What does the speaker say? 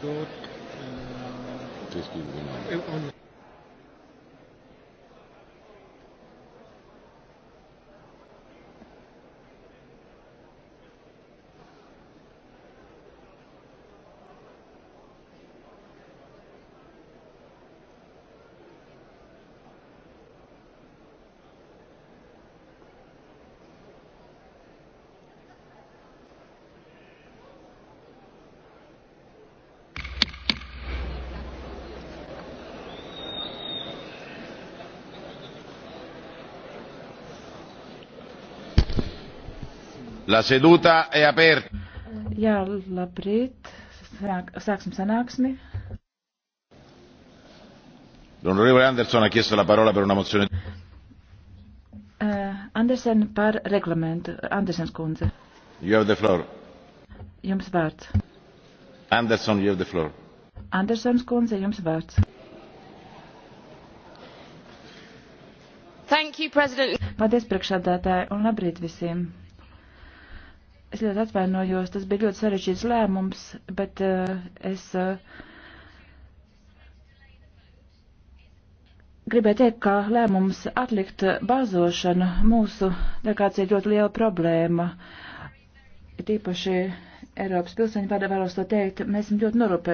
Dort, äh, eh, La seduta è aperta. Jā, labrīt. Sāk, sāksim sanāksmi. L'onorevole Anderson ha chiesto la parola per una mozione. Uh, Andersen par reglamentu. Andersens kundze. You have the floor. Jums vārds. Anderson, you have the floor. Andersens kundze, jums vārds. Thank you, President. Paldies, priekšādātāji, un labrīt visiem. Es ļoti atvainojos, tas bija ļoti sarežģīts lēmums, bet uh, es uh, gribēju teikt, ka lēmums atlikt bāzošanu mūsu delegācija ļoti liela problēma. Tīpaši Eiropas pilsēņu vārdā vēlos to teikt, mēs esam ļoti norūpējuši.